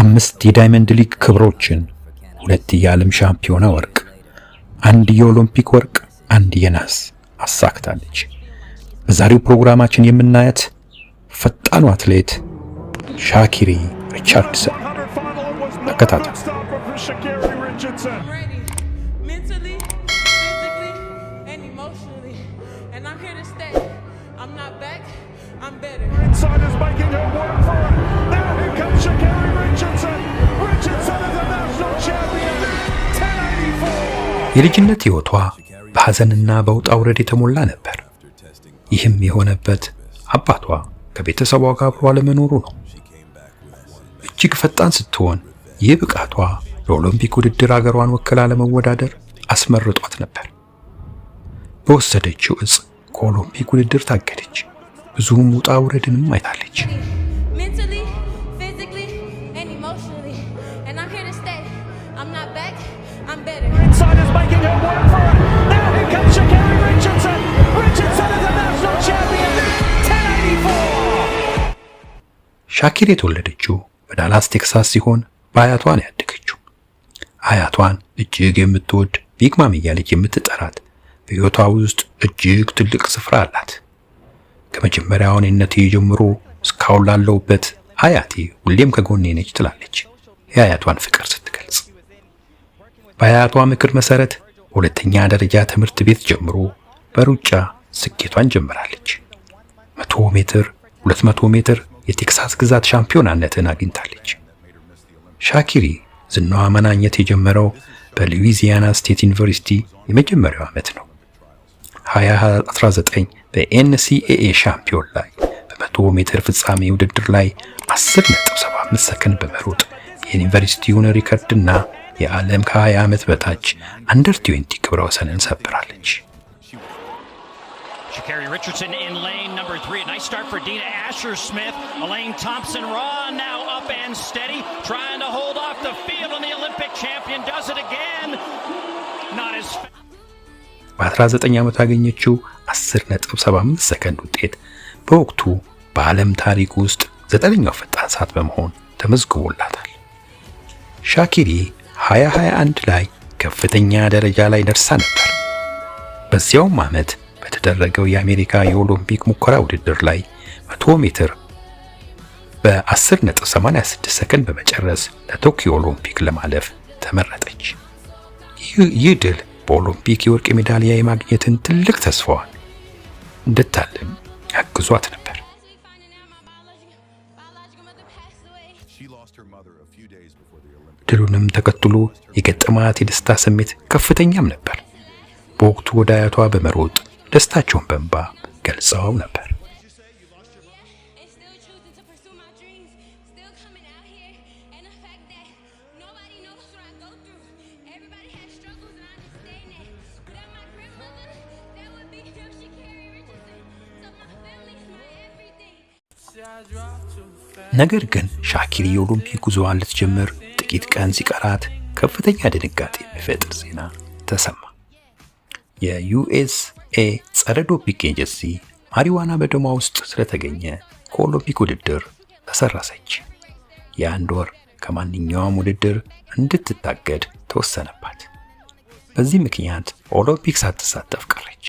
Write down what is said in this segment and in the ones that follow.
አምስት የዳይመንድ ሊግ ክብሮችን፣ ሁለት የዓለም ሻምፒዮና ወርቅ፣ አንድ የኦሎምፒክ ወርቅ፣ አንድ የናስ አሳክታለች። በዛሬው ፕሮግራማችን የምናያት ፈጣኑ አትሌት ሻኪሪ ሪቻርድሰን ተከታተሉ። from Shakari Richardson. I'm ready, mentally, physically, and emotionally. And I'm here to stay. I'm not back, I'm better. Inside is making her work for it. Now here comes Shakari Richardson. Richardson is a national champion. 1084. የልጅነት ሕይወቷ በሐዘንና በውጣ ውረድ የተሞላ ነበር። ይህም የሆነበት አባቷ ከቤተሰቧ ጋር አብሮ አለመኖሩ ነው። እጅግ ፈጣን ስትሆን ይህ ብቃቷ በኦሎምፒክ ውድድር አገሯን ወክላ ለመወዳደር አስመርጧት ነበር። በወሰደችው እጽ ከኦሎምፒክ ውድድር ታገደች። ብዙም ውጣ ውረድንም አይታለች። ሻኪር የተወለደችው በዳላስ ቴክሳስ ሲሆን በአያቷ አያቷን እጅግ የምትወድ ቢግ ማም እያለች የምትጠራት በሕይወቷ ውስጥ እጅግ ትልቅ ስፍራ አላት። ከመጀመሪያው እኔነቴ ጀምሮ እስካሁን ላለሁበት አያቴ ሁሌም ከጎኔ ነች ትላለች የአያቷን ፍቅር ስትገልጽ። በአያቷ ምክር መሰረት ሁለተኛ ደረጃ ትምህርት ቤት ጀምሮ በሩጫ ስኬቷን ጀምራለች። መቶ ሜትር፣ ሁለት መቶ ሜትር የቴክሳስ ግዛት ሻምፒዮናነትን አግኝታለች። ሻኪሪ ዝናዋ መናኘት የጀመረው በሉዊዚያና ስቴት ዩኒቨርሲቲ የመጀመሪያው ዓመት ነው። 2019 በኤንሲኤኤ ሻምፒዮን ላይ በመቶ ሜትር ፍጻሜ ውድድር ላይ 10.75 ሰከንድ በመሮጥ የዩኒቨርሲቲውን ሪከርድና የዓለም ከ20 ዓመት በታች አንደር 20 ክብረ ወሰንን ሰብራለች። Shakari Richardson in lane number three. A nice start for Dina Asher Smith. Elaine Thompson Raw now up and steady, trying to hold off the field, and the Olympic champion does it again. Not as በ19 ዓመቷ ያገኘችው 10.75 ሰከንድ ውጤት በወቅቱ በዓለም ታሪክ ውስጥ ዘጠነኛው ፈጣን ሰዓት በመሆን ተመዝግቦላታል። ሻኪሪ 2021 ላይ ከፍተኛ ደረጃ ላይ ደርሳ ነበር። በዚያውም ዓመት በተደረገው የአሜሪካ የኦሎምፒክ ሙከራ ውድድር ላይ 100 ሜትር በ10.86 ሰከንድ በመጨረስ ለቶኪዮ ኦሎምፒክ ለማለፍ ተመረጠች። ይህ ድል በኦሎምፒክ የወርቅ ሜዳሊያ የማግኘትን ትልቅ ተስፋዋን እንድታልም አግዟት ነበር። ድሉንም ተከትሎ የገጠማት የደስታ ስሜት ከፍተኛም ነበር። በወቅቱ ወደ አያቷ በመሮጥ ደስታቸውን በእንባ ገልጸው ነበር። ነገር ግን ሻኪሪ የኦሎምፒክ ጉዞዋን ልትጀምር ጥቂት ቀን ሲቀራት ከፍተኛ ድንጋጤ የሚፈጥር ዜና ተሰማ። የዩኤስ ኤ ጸረ ዶፒንግ ኤጀንሲ ማሪዋና በደሟ ውስጥ ስለተገኘ ከኦሎምፒክ ውድድር ተሰረሰች። የአንድ ወር ከማንኛውም ውድድር እንድትታገድ ተወሰነባት። በዚህ ምክንያት ኦሎምፒክ ሳትሳተፍ ቀረች።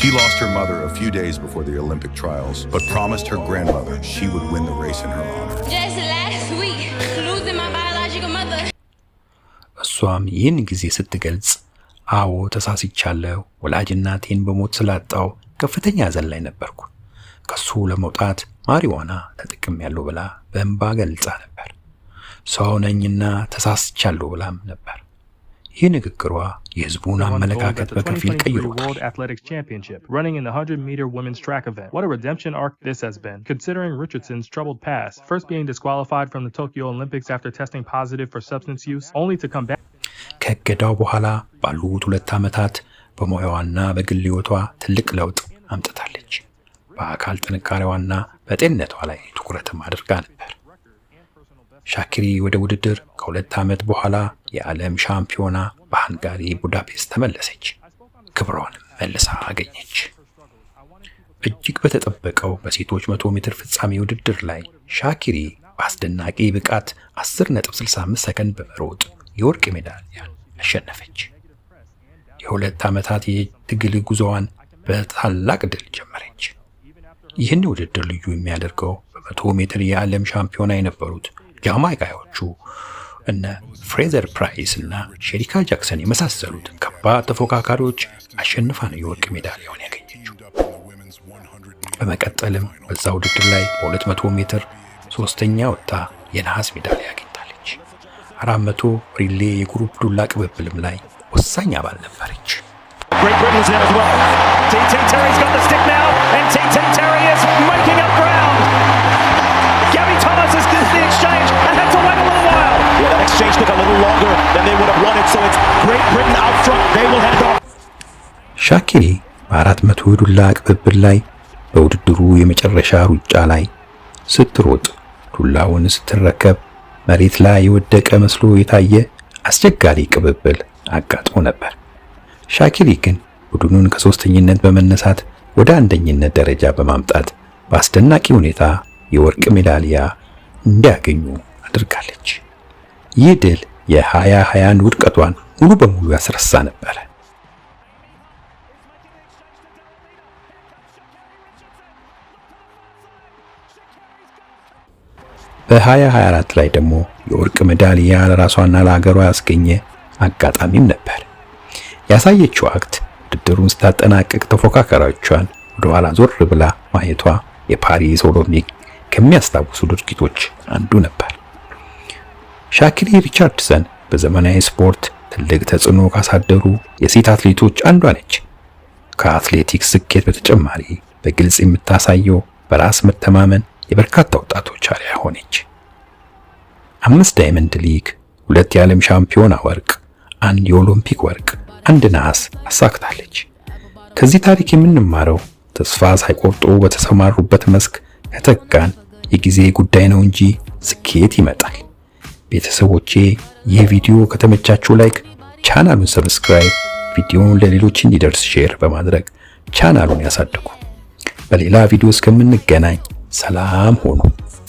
She lost her mother a few days before the Olympic trials, but promised her grandmother she would win the race in her honor. Just last week, እሷም ይህን ጊዜ ስትገልጽ አዎ ተሳስቻለሁ፣ ወላጅ እናቴን በሞት ስላጣው ከፍተኛ ሐዘን ላይ ነበርኩ፣ ከሱ ለመውጣት ማሪዋና ያለው ብላ በእንባ ገልጻ ነበር። ሰው ነኝና ተሳስቻለሁ ብላም ነበር። ይህ ንግግሯ የህዝቡን አመለካከት በከፊል ቀይሮታል። ከእገዳው በኋላ ባሉት ሁለት ዓመታት በሙያዋና በግል ሕይወቷ ትልቅ ለውጥ አምጥታለች። በአካል ጥንካሬዋና በጤንነቷ ላይ ትኩረትም አድርጋ ነበር። ሻኪሪ ወደ ውድድር ከሁለት ዓመት በኋላ የዓለም ሻምፒዮና በሃንጋሪ ቡዳፔስት ተመለሰች። ክብሯንም መልሳ አገኘች። እጅግ በተጠበቀው በሴቶች 100 ሜትር ፍጻሜ ውድድር ላይ ሻኪሪ በአስደናቂ ብቃት 10.65 ሰከንድ በመሮጥ የወርቅ ሜዳሊያን አሸነፈች። የሁለት ዓመታት የትግል ጉዞዋን በታላቅ ድል ጀመረች። ይህን ውድድር ልዩ የሚያደርገው በመቶ ሜትር የዓለም ሻምፒዮና የነበሩት ጃማይካዎቹ እነ ፍሬዘር ፕራይስ እና ሼሪካ ጃክሰን የመሳሰሉት ከባድ ተፎካካሪዎች አሸንፋ ነው የወርቅ ሜዳሊያውን ያገኘችው። በመቀጠልም በዛ ውድድር ላይ በ200 ሜትር ሶስተኛ ወጥታ የነሐስ ሜዳሊያ አራት መቶ ሪሌ የግሩፕ ዱላ ቅብብልም ላይ ወሳኝ አባል ነበረች። ሻኪሪ በአራት መቶ ዱላ ቅብብል ላይ በውድድሩ የመጨረሻ ሩጫ ላይ ስትሮጥ ዱላውን ስትረከብ መሬት ላይ የወደቀ መስሎ የታየ አስቸጋሪ ቅብብል አጋጥሞ ነበር። ሻኪሪ ግን ቡድኑን ከሶስተኝነት በመነሳት ወደ አንደኝነት ደረጃ በማምጣት በአስደናቂ ሁኔታ የወርቅ ሜዳሊያ እንዲያገኙ አድርጋለች። ይህ ድል የ2020 ውድቀቷን ሙሉ በሙሉ ያስረሳ ነበር። በ2024 ላይ ደግሞ የወርቅ ሜዳሊያ ለራሷና ለሀገሯ ያስገኘ አጋጣሚም ነበር። ያሳየችው አክት ውድድሩን ስታጠናቀቅ ተፎካካሪዎቿን ወደ ኋላ ዞር ብላ ማየቷ የፓሪስ ኦሎምፒክ ከሚያስታውሱ ድርጊቶች አንዱ ነበር። ሻኪሪ ሪቻርድሰን በዘመናዊ ስፖርት ትልቅ ተጽዕኖ ካሳደሩ የሴት አትሌቶች አንዷ ነች። ከአትሌቲክስ ስኬት በተጨማሪ በግልጽ የምታሳየው በራስ መተማመን የበርካታ ወጣቶች አርያ ሆነች። አምስት ዳይመንድ ሊግ፣ ሁለት የዓለም ሻምፒዮና ወርቅ፣ አንድ የኦሎምፒክ ወርቅ፣ አንድ ነሐስ አሳክታለች። ከዚህ ታሪክ የምንማረው ተስፋ ሳይቆርጡ በተሰማሩበት መስክ ከተጋን የጊዜ ጉዳይ ነው እንጂ ስኬት ይመጣል። ቤተሰቦቼ ይህ ቪዲዮ ከተመቻችሁ ላይክ፣ ቻናሉን ሰብስክራይብ፣ ቪዲዮውን ለሌሎች እንዲደርስ ሼር በማድረግ ቻናሉን ያሳድጉ። በሌላ ቪዲዮ እስከምንገናኝ سلام ونوف